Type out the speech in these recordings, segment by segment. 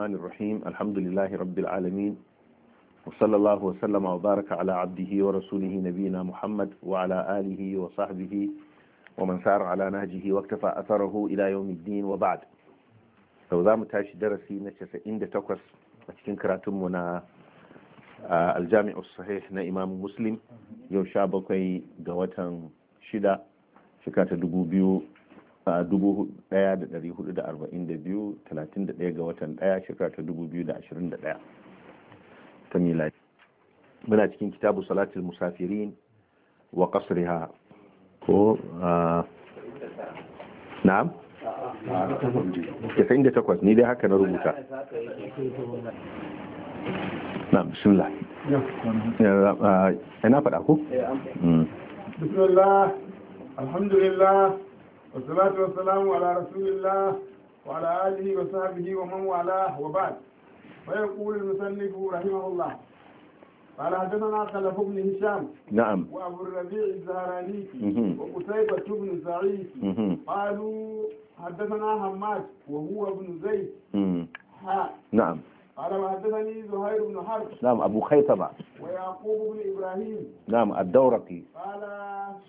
الرحمن الرحيم الحمد لله رب العالمين وصلى الله وسلم وبارك على عبده ورسوله نبينا محمد وعلى آله وصحبه ومن سار على نهجه واكتفى أثره إلى يوم الدين وبعد لو ذا متاش درسي نشس إند تقص أتكين كراتمنا الجامع الصحيح نا إمام مسلم يوم شابكي قوة شدة شكات دقوبيو a 1442 31 ga watan 1 shekara ta 2021 ta miladi muna cikin kitabu salatul musafirin wa qasriha ko na'am da takwas ni dai haka na rubuta na bismillah na faɗa ko bismillah alhamdulillah والصلاة والسلام على رسول الله وعلى آله وصحبه ومن والاه وبعد فيقول المسلف رحمه الله قال حدثنا خلف بن هشام نعم وابو الربيع الزهراني وقتيبة بن سعيد قالوا حدثنا حماد وهو ابن زيد نعم قال وحدثني زهير بن حرب نعم أبو خيثمة ويعقوب بن إبراهيم نعم الدورقي قال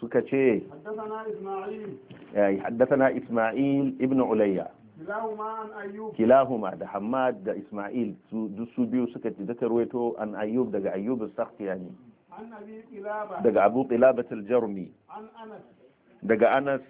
سكتشي حدثنا إسماعيل يعني حدثنا إسماعيل ابن عليا كلاهما عن أيوب كلاهما ده حماد ده إسماعيل دسو بيو سكتشي ده ترويتو عن أيوب ده أيوب السخطي يعني عن أبي قلابة ده أبو قلابة الجرمي عن أنس ده أنس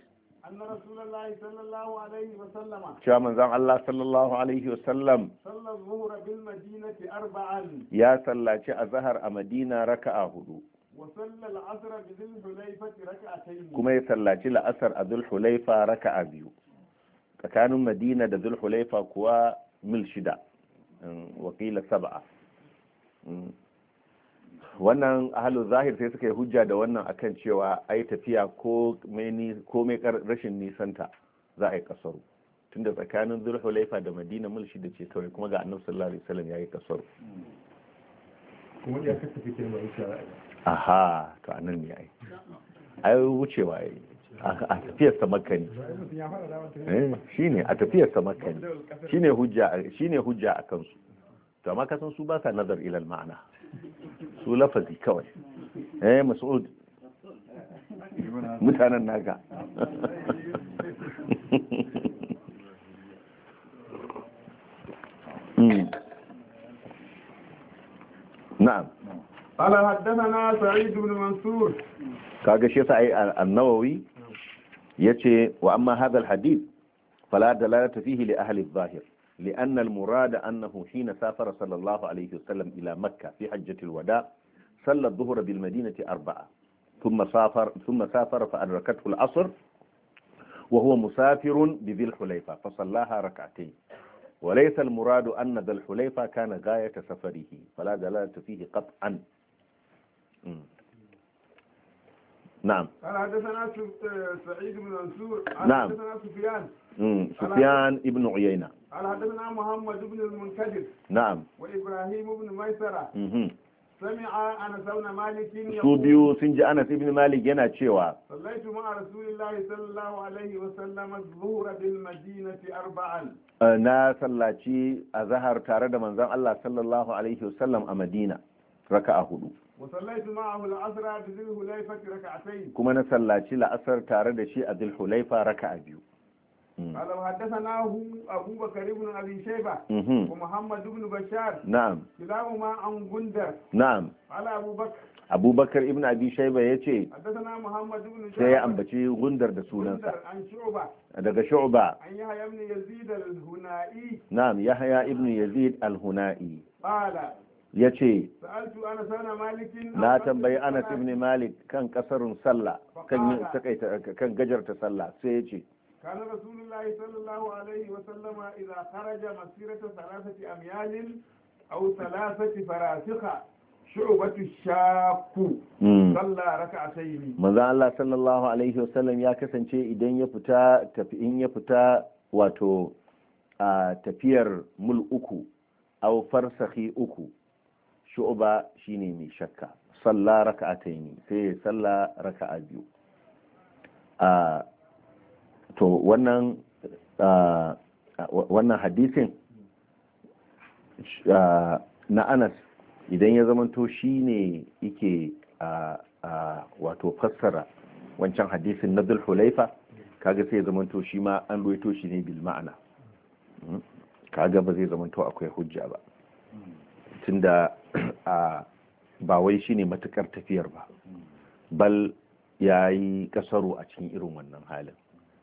أن رسول الله صلى الله عليه وسلم شو من زم الله صلى الله عليه وسلم صلى الظهر بالمدينة أربعا يا صلى شاء ظهر أمدينة ركعة هدو وصلى العصر بذي الحليفة ركعتين كما يصلى شاء العصر أذو الحليفة ركعة بيو فكانوا مدينة ذو الحليفة كوا مل شدا وقيل سبعة wannan ahalun zahir sai suka yi hujja da wannan akan cewa ai tafiya ko mai rashin nisanta za a yi kasaru tunda tsakanin laifa da madina mulshi da ce kawai kuma ga annabi sallallahu alaihi wasallam ya yi kasaru kuma ya kasa fitar mai shara aha to anan ne ai ai wucewa ai a tafiyar sa makka ne eh, shine a tafiyar sa makka ne shine hujja shine hujja akan su to amma kasan su ba sa nazar ilal ma'ana su lafazi kawai eh mas'ud mutanen naga na'am قال حدثنا سعيد بن منصور kaga shi yasa ai an-nawawi yace wa amma hadha al-hadith fala dalalata fihi li ahli adh-dhahir لأن المراد أنه حين سافر صلى الله عليه وسلم إلى مكة في حجة الوداع صلى الظهر بالمدينة أربعة ثم سافر ثم سافر فأدركته العصر وهو مسافر بذي الحليفة فصلاها ركعتين وليس المراد أن ذا الحليفة كان غاية سفره فلا دلالة فيه قطعا نعم قال حدثنا سعيد بن منصور نعم حدثنا سفيان سفيان ابن عيينة قال حدثنا محمد بن المنكدر نعم وإبراهيم بن ميسرة sami'a anas ibn malik su biyu sun ji anas ibn malik yana cewa sallaitu ma'a rasulillahi sallallahu alaihi wa sallam zuhra bil madinati arba'an na sallaci azhar tare da manzon Allah sallallahu alaihi wa sallam a Madina raka'a hudu wa sallaitu ma'ahu al-asra bi dhil hulayfa raka'atayn kuma na sallaci la'asar tare da shi a dhil raka'a biyu قال وحدثناه أبو بكر بن ومحمد بن بشار نعم كلاهما عن نعم قال بكر Abu Bakar ibn Abi Shaiba ya ce sai ya ambaci gundar da sunansa daga Shu'ba Na'am Yahya ibn Yazid al-Huna'i ya ce na tambayi Anas ibn Malik kan kasarun sallah kan gajarta sallah sai ya ce kana rasulullahi sallallahu alaihi wa sallama idza kharaja masirata thalathati amyalin aw thalathati farasikha shu'batu shaku sallah raka'ataini manzo Allah sallallahu alaihi wa sallam ya kasance idan ya fita tafi in ya fita wato a tafiyar mul uku aw farsahi uku shu'ba shine mai shakka sallah raka'ataini sai sallah raka'a biyu a to wannan wannan hadisin na anas idan ya zamanto shi ne yake wato fassara wancan hadisin na dulhulaifa kaga sai ya zamanto shi ma an ruwaito shi ne bil ma'ana hmm? kaga ba zai zamanto akwai hujja ba tunda ba wai shi ne matukar tafiyar ba bal ya yi kasaru a cikin irin wannan halin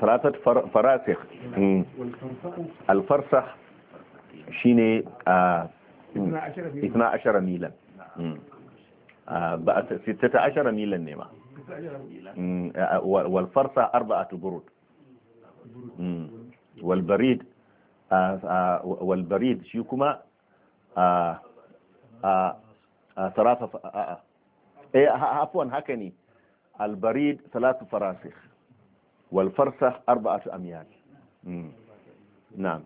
ثلاثة فراسخ الفرسخ شيني آه، اثنا عشر ميلا آه، ستة عشر ميلا نيما آه، والفرسة أربعة برود والبريد والبريد شيكما ثلاثة ايه عفوا هكني البريد ثلاث فراسخ والفرسخ أربعة أميال نعم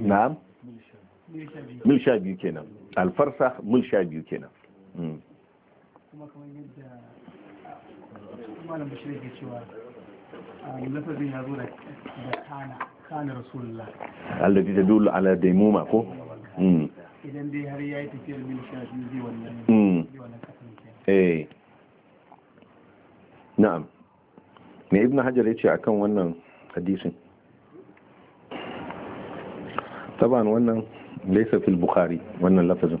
نعم ملشا بيوكينا الفرسخ ملشا بيوكينا مم. kana rasulullah ta tadullu ala daimuma ko hmm. idan dai har yayi tafiyar mil 12 zai wannan hmm. eh na'am me ibnu hajar yace akan wannan hadisin taban wannan laysa fil bukhari wannan lafazin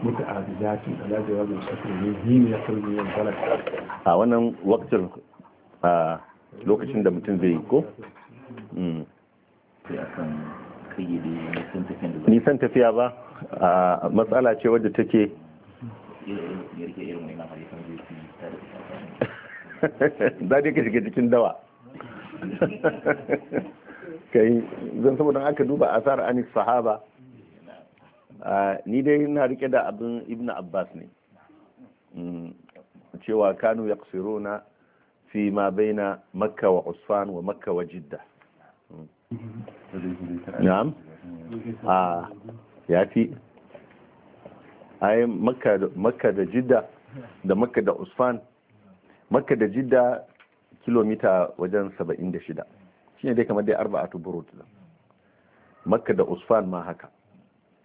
ala jawabin a wannan lokacin da mutum zai yi ko hmm. nisan tafiya ba a matsala ce wadda take za dai ka shiga cikin dawa kai zan saboda aka duba asar anis sahaba ni dai ina rike da abin ibn abbas ne mm, cewa kanu ya na fi ma baina makka wa usfan wa makka wa jidda mm. na'am a ya fi ai makka da jidda da makka da usfan makka da jidda kilomita wajen 76 shine dai kamar dai arba'atu burut makka da usfan ma haka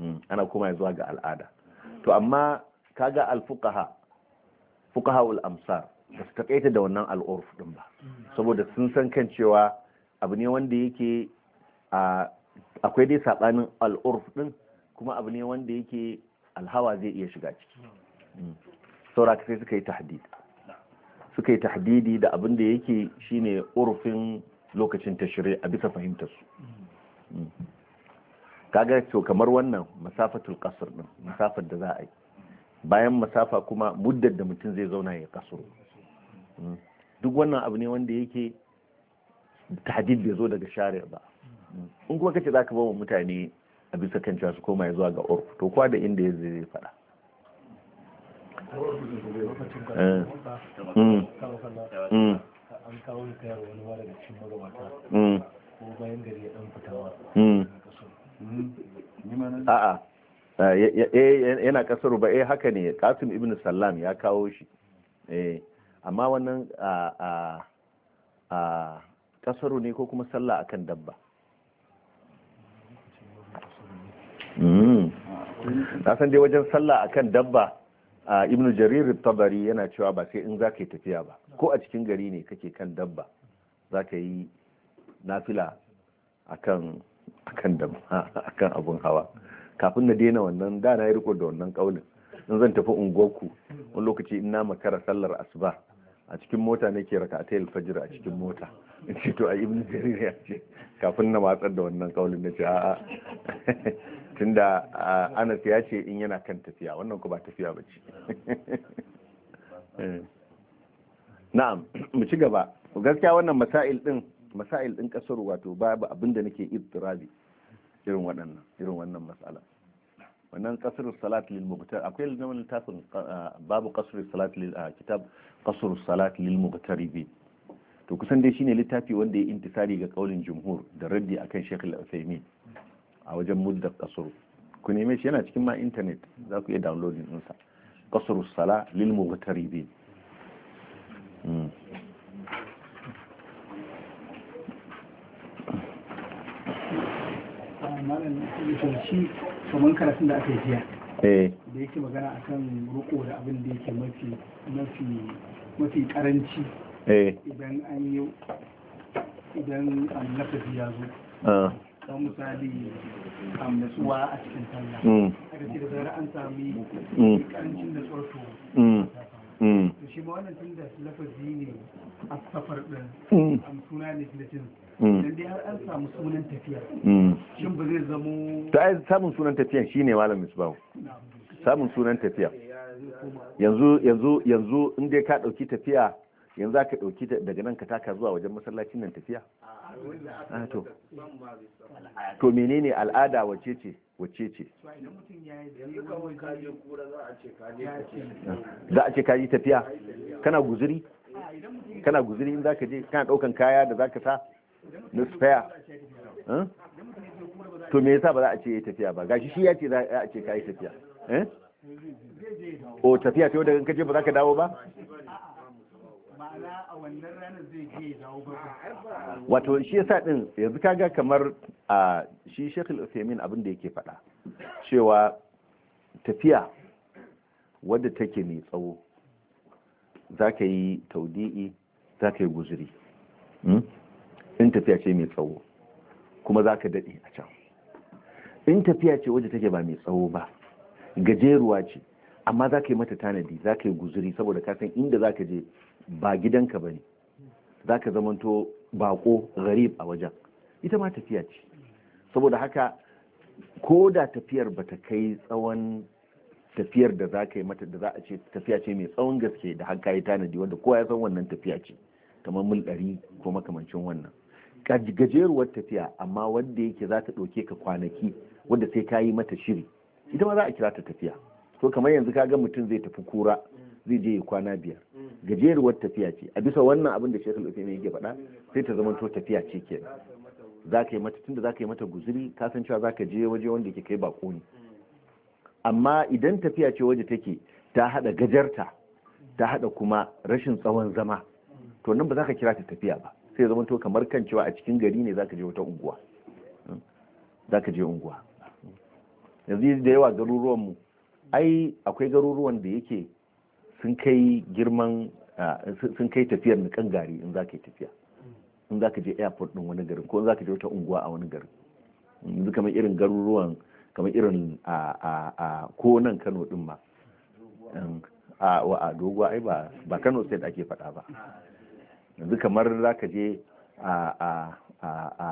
Mm, ana koma zuwa ga al'ada to amma kaga al-fuqaha fuqaha ul amsar ba su takaita da wannan al'urf din ba saboda sun san kan cewa abu ne wanda yake akwai dai sabanin al'urf din kuma abu ne wanda yake alhawa zai iya shiga ciki mm. saura sai suka yi tahdid suka yi tahdidi da abin da yake shine urfin lokacin tashri a bisa fahimtar su mm. kaga to kamar wannan masafatul qasr din masafar da za a yi bayan masafa kuma muddar da mutum zai zauna ya kasuru hmm. duk wannan abu ne wanda yake tahdid bai zo daga shari'a ba hmm. in kuma kace zaka bawa mutane a bisa kan su koma zuwa ga urf to kwa da inda yake zai faɗa an kawo wani wani daga cikin magabata ko bayan gari ya dan fitawa a'a ah, yana kasar ba eh haka ne kasim ibn sallam ya kawo shi eh amma wannan a a ne ko kuma sallah akan dabba hmm. na san dai wajen sallah akan dabba ibn jarir tabari yana cewa ba sai in za yi tafiya ba ko a cikin gari ne kake kan dabba za ka yi nafila akan akan da akan abun hawa kafin na daina wannan da na yi riko da wannan kaulin in zan tafi ungoku wani lokaci ina makara sallar asuba a cikin mota nake raka ta fajr a cikin mota in ce to a ibn jarir ya ce kafin na matsar da wannan kaulin na ce a'a tunda anas ya ce in yana kan tafiya wannan ku ba tafiya ba ce eh. na'am mu ci gaba gaskiya wannan masail din masail din kasar wato babu abin da nake ittirabi irin waɗannan irin wannan matsala wannan kasar salat lil mubtar akwai limamin tafin ah, babu kasar salat lil ah, kitab kasar salat lil bi to kusan dai shine littafi wanda ya intisari ga kaulin jumhur da raddi akan Sheikh Al-Uthaymeen a wajen mudda kasar ku neme shi yana cikin ma internet za ku iya downloading sa kasar salat lil mubtaribin hmm. malam fahimci kamar karatun da aka yi jiya eh. da yake magana akan roƙo da abin da yake mafi mafi karanci eh. idan an yi idan an um, lafafi ya zo don ah. misali amnasuwa um, a cikin sallah mm. aka ce da zarar an sami karancin da tsorto Mm. to shi ma wannan tun da lafazi ne a safar mm. suna ne mm. dan dai har an samu sunan tafiya shin ba zai zamo to ai samun sunan tafiya shine malam misbahu samun sunan tafiya yanzu yanzu yanzu in dai ka dauki tafiya yanzu za ka ɗauki daga nan ka taka zuwa wajen masallacin nan tafiya? Ah, to menene al'ada wace ce wacce ce za a ce ka yi tafiya kana guzuri kana guzuri in zaka je kana daukan kaya da zaka sa na spare to me yasa ba za a ce ya tafiya ba gashi shi ya ce za a ce ka yi tafiya eh o tafiya ta yau da in je ba za ka dawo ba wato shi yasa din yanzu kaga kamar a shi Sheikh Al-Uthaymeen abin da yake fada? cewa tafiya wadda take mai tsawo za yi taudi'i za yi guzuri hmm? in tafiya ce mai tsawo kuma za ka daɗe a can in tafiya ce wadda take ba mai tsawo ba gajeruwa ce amma za ka yi mata tanadi za ka yi guzuri saboda kasan inda za ka je ba gidanka ba ne za ka zamanto bako garib a wajen ita ma tafiya ce saboda haka ko da tafiyar ba ta kai tsawon tafiyar da za ka yi mata da za a ce tafiya ce mai tsawon gaske da haka yi tanadi wanda kowa ya san wannan tafiya ce kamar mil ɗari ko makamancin wannan gajeruwar tafiya amma wanda yake za ta ɗauke ka kwanaki wanda sai ka yi mata shiri ita ma za a kira ta tafiya to kamar yanzu ka ga mutum zai tafi kura zai je ya kwana biyar gajeruwar tafiya ce a bisa wannan abin da shekul usaimi yake faɗa sai ta zama to tafiya ce ke za ka yi mata tunda za ka yi mata guzuri ka cewa za ka je waje wanda ke kai bako ne amma idan tafiya ce waje take ta haɗa gajarta ta haɗa kuma rashin tsawon zama to nan ba za ka kira ta tafiya ba sai zama to kamar kan cewa a cikin gari ne za ka je wata unguwa hmm. za ka je unguwa yanzu da yawa garuruwanmu ai akwai garuruwan da yake sun kai girman ah, sun kai tafiyar na kan gari in za ka yi tafiya in za ka je airport din wani garin ko in za ka je wata unguwa a wani garin yanzu kamar irin garuruwan kamar irin a ah, ah, ko nan kano din ma a doguwa ai ba kano state ake faɗa ba yanzu kamar za ka je a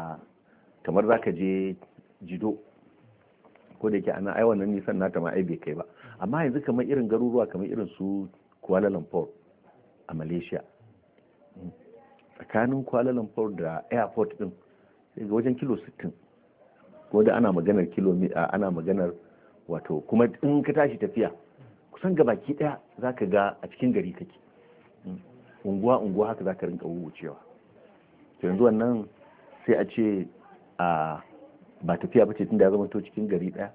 kamar za ka je jido ko da yake ana ai wannan nisan nata ma ai bai kai ba amma yanzu kamar irin garuruwa kamar irin su kuala lumpur a malaysia tsakanin kuala lumpur da airport din sai ga wajen kilo 60 ko da ana maganar kilo ana maganar wato kuma in ka tashi tafiya kusan ga baki daya za ka ga a cikin gari kake unguwa unguwa haka za ka rinka wucewa to yanzu wannan sai a ce ba tafiya ba ce tun da ya zama to cikin gari daya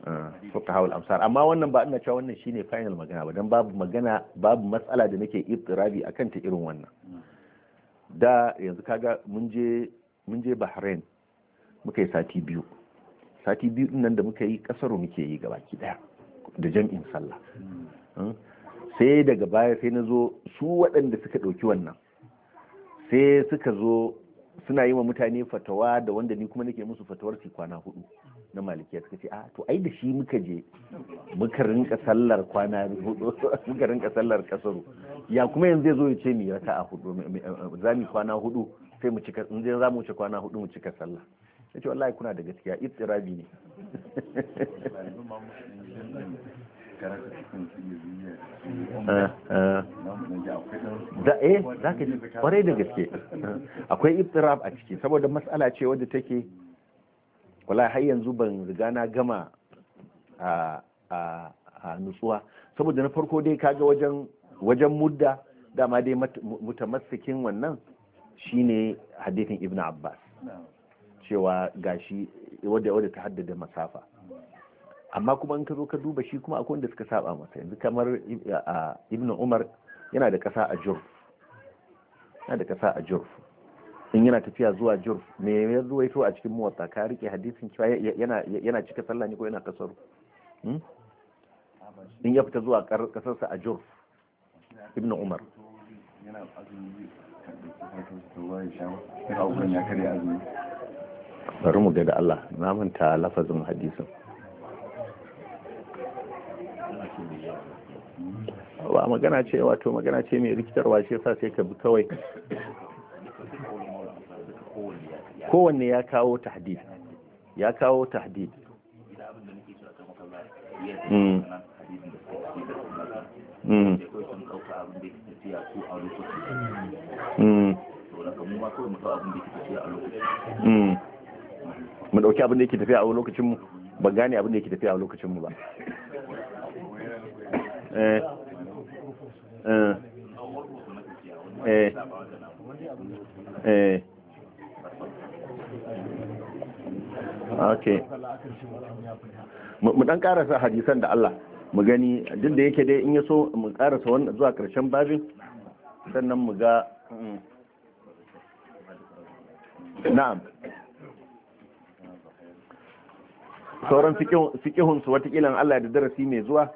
Eh, fuka hawul amsar amma wannan ba ina cewa wannan shine final magana ba dan babu magana babu matsala da nake ibtirabi akan ta irin wannan da yanzu kaga mun je mun je Bahrain muka yi sati biyu sati biyu din nan da muka yi kasaro muke yi gabaki daya da jam'in sallah hmm? sai daga baya sai nazo zo su waɗanda suka ɗauki wannan sai suka zo suna yi wa mutane fatawa da wanda ni kuma nake musu fatawar kwana hudu na malikiya suka ce a to ai da shi muka je muka rinka sallar kwana hudu muka rinka sallar kasaru ya kuma yanzu zai zo ya ce mi raka a hudu za mu kwana hudu sai mu cika in za mu wuce kwana hudu mu cika sallah yace wallahi kuna da gaskiya itsirabi ne da eh zaka ji kwarai da gaske akwai ittirab a ciki saboda mas'ala ce wadda take wala har yanzu ban riga na gama a nutsuwa saboda na farko dai kaga wajen wajen mudda dama dai mutamassikin wannan shine hadithin ibn abbas cewa gashi wadda wadda ta haddada masafa amma kuma in ka zo ka duba shi kuma akwai wanda suka saba masa yanzu kamar ibn umar yana da kasa a jurf da kasa a jurf in yana tafiya zuwa jurf me ya ruwaito a cikin muwatta ka rike hadisin cewa yana cika sallah ne ko yana kasaru hmm? in ya fita zuwa kasarsa a jurf ibn umar bari mu ga da Allah na manta lafazin hadisin ba magana ce wato magana ce mai rikitarwa shi yasa sai ka bi kawai kowanne ya kawo tahdid ya kawo tahdid hmm. Hmm. Hmm. mu dauki abin da yake tafiya a lokacin mu ba gane abin da yake tafiya a lokacin mu ba eh eh eh, eh. okay mu dan karasa hadisan da Allah mu gani duk da yake dai in yaso mu karasa wannan zuwa karshen babin sannan mu ga mm. na'am sauran fikihun su watakilan Allah da darasi mai zuwa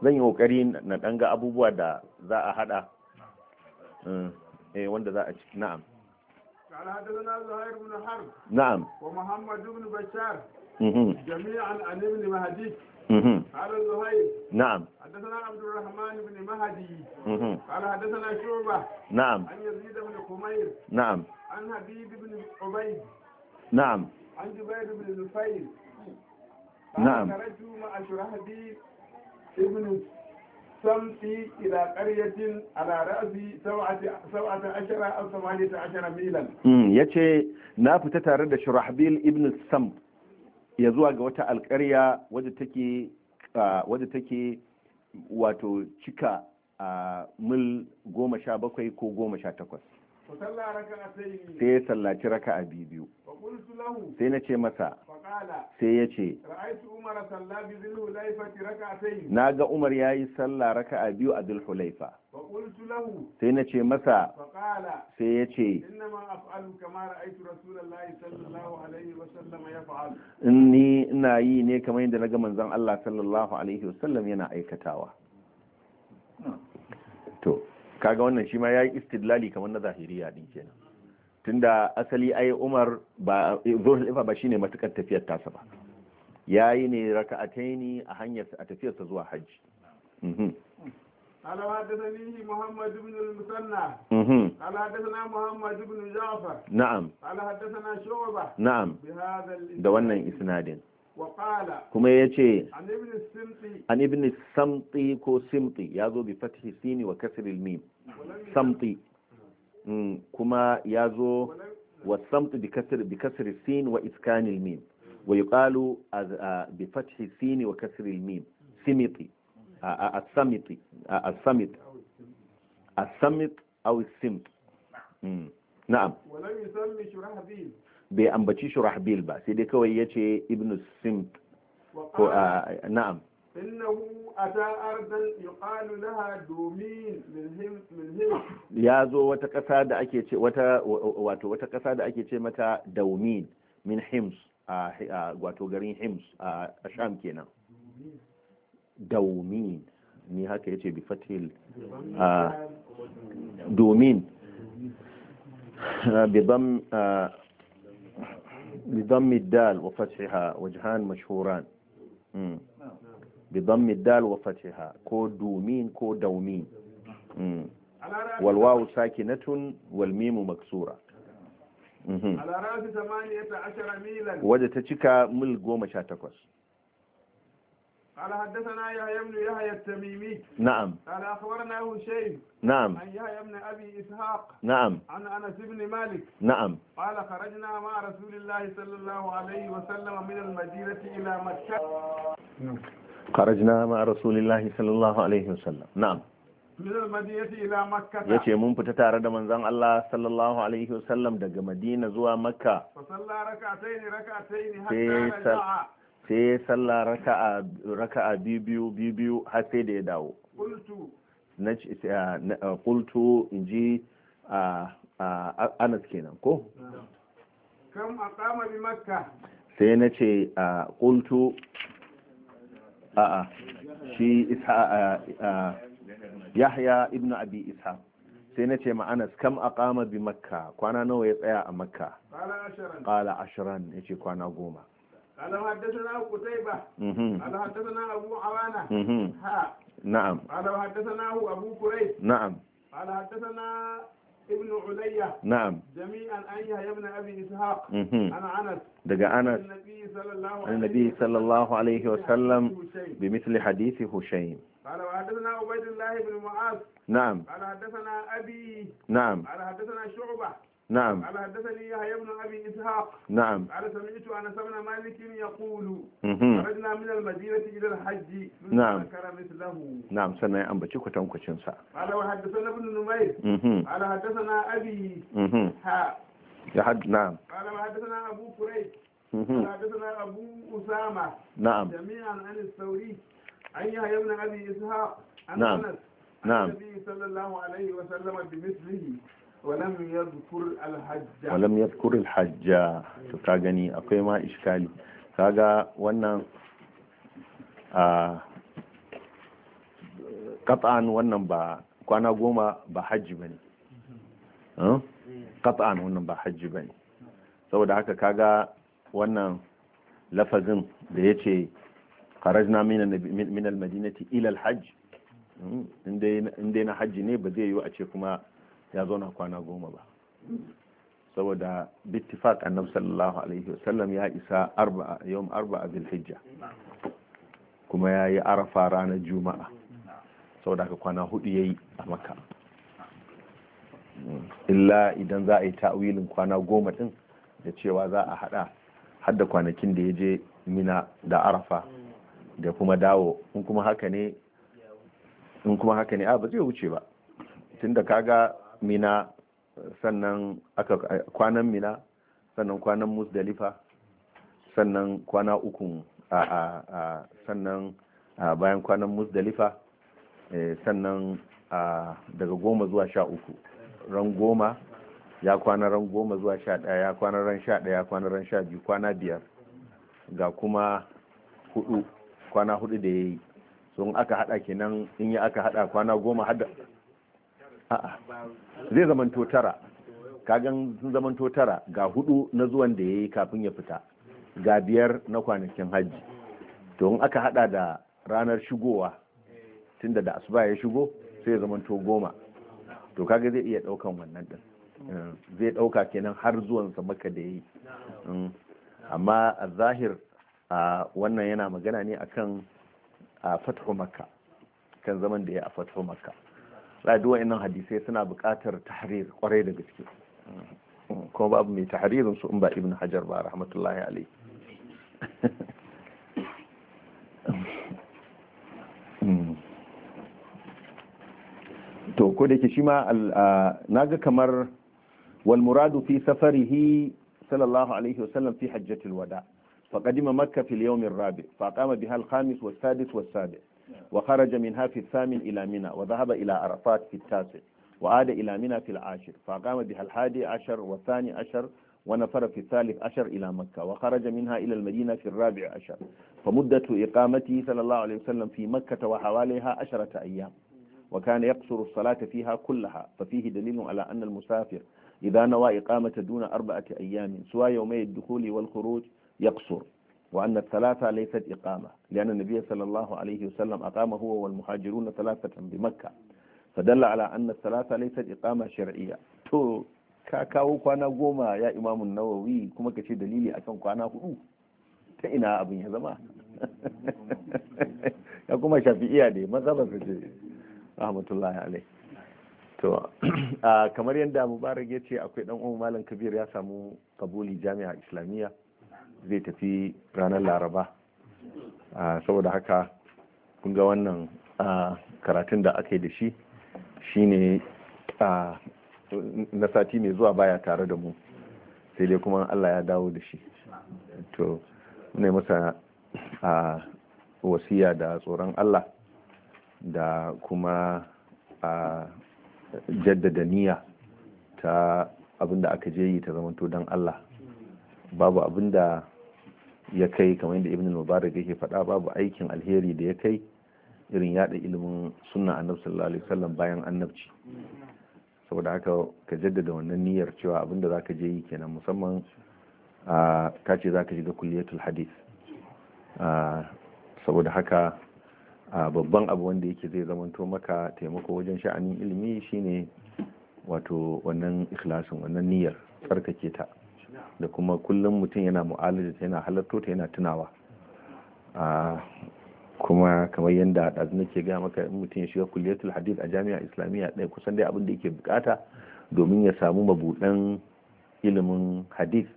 zan yi kokari na danga abubuwa da za a hada mm. eh wanda za a ciki na'am قال حدثنا زهير بن حرب نعم ومحمد بن بشار جميعا عن ابن مهدي قال زهير نعم حدثنا عبد الرحمن بن مهدي قال حدثنا شعبة نعم عن يزيد بن قمير نعم عن حبيب بن عبيد نعم عن جبير بن نفيل نعم خرجوا مع شرهبي ابن samsi ila karyatin ala ra'si sab'ata ashara aw thamaniyata ashara milan mm yace na fita tare da shurahbil ibn sam ya zuwa ga wata alƙarya wadda take take wato cika mil goma sha bakwai ko goma sha takwas sai ya sallaci raka a biyu sai na ce masa sai ya ce na ga umar ya yi sallah raka a biyu a dulhulaifa sai na ce masa sai ya ce ni ina yi ne kamar yadda na ga manzan Allah sallallahu alaihi wasallam yana aikatawa hmm. to kaga wannan shi ma ya yi istidlali kamar na zahiriya din kenan tunda asali ai umar ba zuwa ifa ba shine matukar tafiyar tasa ba ya yi ne raka a a hanyar a tafiyar sa zuwa hajji mhm. قال حدثني محمد Muhammadu bin قال حدثنا na بن جعفر نعم قال حدثنا شعبة na shoba الاسناد wannan isnadin وقال كما يجي عن ابن السمطي عن ابن السمطي كو سمطي يازو بفتح السين وكسر الميم سمطي كما يازو والسمط بكسر بكسر السين واسكان الميم ويقال بفتح السين وكسر الميم سمطي السمطي السمط السمط او السمط نعم ولم يسمي شرهبيل bai ambaci shurahbil ba sai dai kawai ya ce ibn simt ko ah, na'am innahu ata ardan yuqalu laha domin ya zo wata ƙasa da ake ce wata wato wata ƙasa da ake ce mata daumin min hims a wato garin hims a sham kenan daumin ni haka yace bi fatil domin bi dam بضم الدال وفتحها وجهان مشهوران بضم الدال وفتحها كو دومين كو دومين والواو ساكنة والميم مكسورة على راس ثمانية عشر ميلا وجدت تشكى مل قوم شاتكوس قال حدثنا يحيى بن يحيى التميمي نعم قال اخبرنا هشيم نعم عن يحيى بن ابي اسحاق نعم عن انس بن مالك نعم قال خرجنا مع رسول الله صلى الله عليه وسلم من المدينه الى مكه خرجنا مع رسول الله صلى الله عليه وسلم نعم ya ce mun fita tare da manzon Allah sallallahu alaihi wasallam daga madina zuwa makka sai sai ya salla raka'a biyu biyu har sai da ya dawo kultu in ji anas kenan ko makka sai na ce a kultu a'a shi yahya ibn abi isa sai na ce ma anas kam aqama bi makka kwana nawa ya tsaya a makka qala ashran yace kwana goma قال حدثنا قتيبة قال حدثنا أبو عوانة ها نعم قال حدثنا أبو كريب نعم قال حدثنا ابن علية نعم جميعا أيها ابن أبي إسحاق أنا أنس دقا أنس النبي صلى الله عليه وسلم بمثل حديث هشيم قال وحدثنا عبيد الله بن معاذ نعم قال حدثنا أبي نعم قال حدثنا شعبة نعم قال حدثني يحيى بن ابي اسحاق نعم قال سمعت انس بن مالك يقول خرجنا من المدينه الى الحج نعم ذكر مثله نعم سنة ان بتي كتنكوتين سا قال وحدثنا ابن نمير قال حدثنا ابي ها يحد نعم قال وحدثنا ابو كريب قال حدثنا ابو اسامه نعم جميعا عن الثوري عن يحيى بن ابي اسحاق عن نعم نعم النبي صلى الله عليه وسلم بمثله ولم يذكر الحج to ka gani akwai ma iskali kaga wannan a qat'an wannan ba kwana goma ba hajji bane qat'an wannan ba hajji bane saboda haka kaga wannan lafazin da yace kharajna min al-madinati ila al-hajj hmm? inde na hajji ne ba zai yi a ce kuma ya zauna kwana goma ba saboda bittifaq annabi sallallahu alaihi wasallam ya isa arba'a yawm arba'a bil hijja kuma ya yi arafa ranar juma'a saboda ka kwana hudu ya yi a maka illa idan za a yi tawilin kwana goma din da cewa za a hada hadda kwanakin da ya je mina da arafa da kuma dawo in kuma haka ne in kuma haka ne a ba zai wuce ba tunda kaga mina sannan aka kwanan mina sannan kwanan musdalifa sannan kwana ukun a a a sannan bayan kwanan musdalifa eh, sannan daga goma zuwa sha uku ran goma ya kwana ran goma zuwa sha daya ya kwana ran sha daya ya kwana ran sha biyu kwana biyar ga kuma hudu kwana hudu da ya yi sun aka hada kenan in yi aka hada kwana goma a'a zai zamanto tara kagan sun zamanto tara ga hudu na zuwan da ya yi kafin ya fita ga biyar na kwanakin hajji to in aka hada da ranar shigowa tunda da asuba ya shigo sai ya zamanto goma to kaga zai iya daukan wannan din eh, zai dauka kenan har zuwansa maka da yi hmm. amma a zahir wannan yana magana ne akan a fathu makka kan zaman da ya a fathu makka raduwa inan hadisai suna buƙatar tahrir kwarai da gaske kuma babu mai tahririn su in ba ibn hajar ba rahmatullahi alaihi to ko da yake shi ma naga kamar wal muradu fi safarihi sallallahu alaihi wasallam fi hajjatul wada فقدم مكة في اليوم الرابع فقام بها الخامس والسادس والسابع وخرج منها في الثامن إلى منى وذهب إلى عرفات في التاسع وعاد إلى منى في العاشر فقام بها الحادي عشر والثاني عشر ونفر في الثالث عشر إلى مكة وخرج منها إلى المدينة في الرابع عشر فمدة إقامته صلى الله عليه وسلم في مكة وحواليها عشرة أيام وكان يقصر الصلاة فيها كلها ففيه دليل على أن المسافر إذا نوى إقامة دون أربعة أيام سوى يومي الدخول والخروج يقصر وأن الثلاثة ليست إقامة لأن النبي صلى الله عليه وسلم أقام هو والمهاجرون ثلاثة بمكة فدل على أن الثلاثة ليست إقامة شرعية تو كاكاو كوانا قوما يا إمام النووي كما كشي دليلي أكون كوانا هو تئنا أبن يزما يا كما شافئية دي ما ذلك رحمة الله عليه to kamar yadda mubarak ya ce akwai dan uwan malam kabir ya samu kabuli jami'a islamiyya zai tafi ranar laraba saboda haka kun ga wannan karatun da aka yi da shi shine na sati mai zuwa baya tare da mu sai dai kuma allah ya dawo da shi to ne masa wasiya da tsoron allah da kuma jaddada niyya ta abinda aka je yi ta zamanto don allah babu abinda ya kai kamar yadda ibn mubarak yake faɗa babu aikin alheri da ya kai irin yada ilimin sunna annabi sallallahu alaihi wasallam bayan annabci saboda haka ka jaddada wannan niyyar cewa abinda zaka je yi kenan musamman a ka ce zaka shiga kulliyatul hadith saboda haka babban abu wanda yake zai zamanto maka taimako wajen sha'anin ilimi shine wato wannan ikhlasin wannan niyyar tsarkake ta da kuma kullum mutum yana mu'alajar yana halarto ta yana tunawa kuma kamar yadda ɗazu nake gaya maka in mutum ya shiga kulliyatul hadith a jami'a islamiyya ɗaya kusan dai abinda da yake bukata domin ya samu mabuɗan ilimin hadith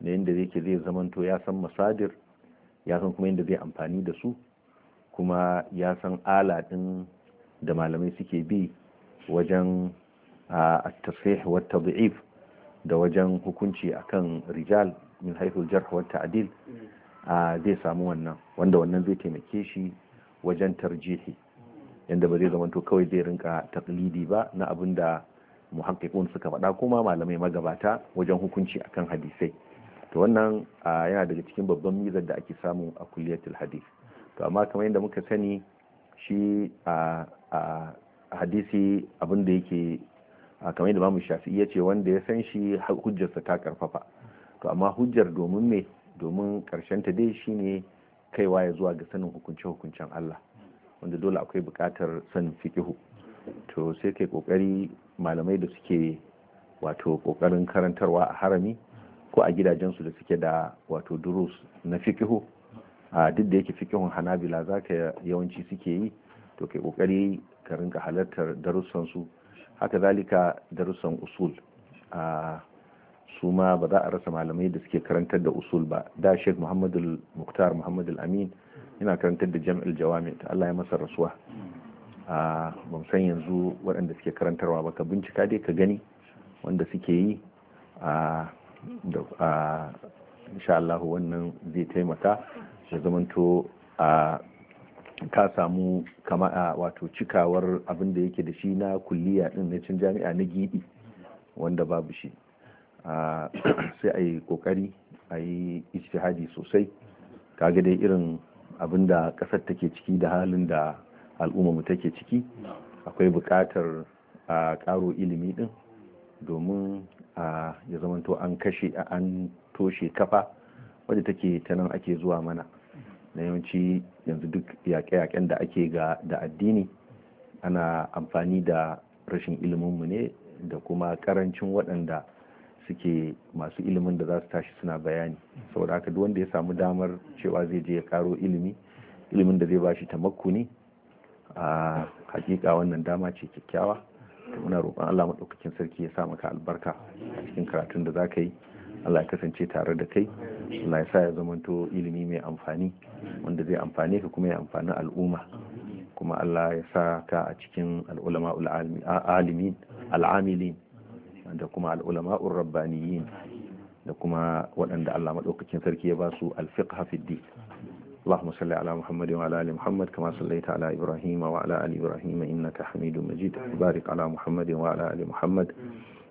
da yadda zai ke zai zamanto ya san masadir ya san kuma yadda zai amfani da su kuma ya san ala ɗin da malamai suke bi wajen a tasrih wata da wajen hukunci akan rijal min haiful jarh wa ta'dil zai samu wannan wanda wannan zai taimake shi wajen tarjihi yanda ba zai zamanto kawai zai rinka taklidi ba na abin da muhaqqiqun suka faɗa kuma malamai magabata wajen hukunci akan hadisai to wannan yana daga cikin babban mizar da ake samu a kulliyatul hadis to amma kamar yadda muka sani shi a hadisi abin da yake kamar da mamu shafi ya ce wanda ya san shi hujjarsa ta karfafa to amma hujjar domin me domin ta dai shine kaiwa ya zuwa ga sanin hukunce-hukuncen Allah wanda dole akwai bukatar sanin fikihu to sai kai kokari malamai da suke wato kokarin karantarwa a harami ko a gidajensu da suke da wato durus na fikihu a duk da yake fikihun hanabila za ka yawanci suke yi to kai kokari ka rinka halartar darussansu haka zalika darussan usul a su ma ba za a rasa malamai da suke karantar da usul ba da sheikh muhammadul muktar muhammadul amin yana karantar da jam'il jawami ta allah ya masa rasuwa a ban san yanzu waɗanda suke karantarwa ba ka bincika dai ka gani wanda suke yi a insha allahu wannan zai taimaka ya zamanto a ka samu kama a wato cikawar abin da yake da shi na kulliya din na cin jami'a na gidi wanda babu shi sai a yi kokari a yi ijtihadi sosai kaga dai irin abinda da kasar take ciki da halin da mu take ciki akwai buƙatar a karo ilimi din domin a ya zamanto an kashe an toshe kafa wadda take ta nan ake zuwa mana na yawanci yanzu duk yaƙe-yaƙen da ake ga da addini ana amfani da rashin iliminmu ne da kuma karancin waɗanda suke masu ilimin da za su tashi suna bayani saboda haka duk wanda ya samu damar cewa zai je ya karo ilimi ilimin da zai ba shi ne a hakika wannan dama ce kyakkyawa muna roƙon Allah maɗaukakin sarki ya sa maka albarka a cikin karatun da za ka yi Allah ya kasance tare da kai Allah ya sa ya zamanto ilimi mai amfani wanda zai amfane ka kuma ya amfani al'umma kuma Allah ya sa ka a cikin al'ulama al'alimin al'amilin da kuma al'ulama rabbaniyin da kuma waɗanda Allah maɗaukakin sarki ya ba su alfiq hafiddi اللهم صل على محمد وعلى ال محمد كما صليت على ابراهيم وعلى ال ابراهيم انك حميد مجيد بارك على محمد وعلى ال محمد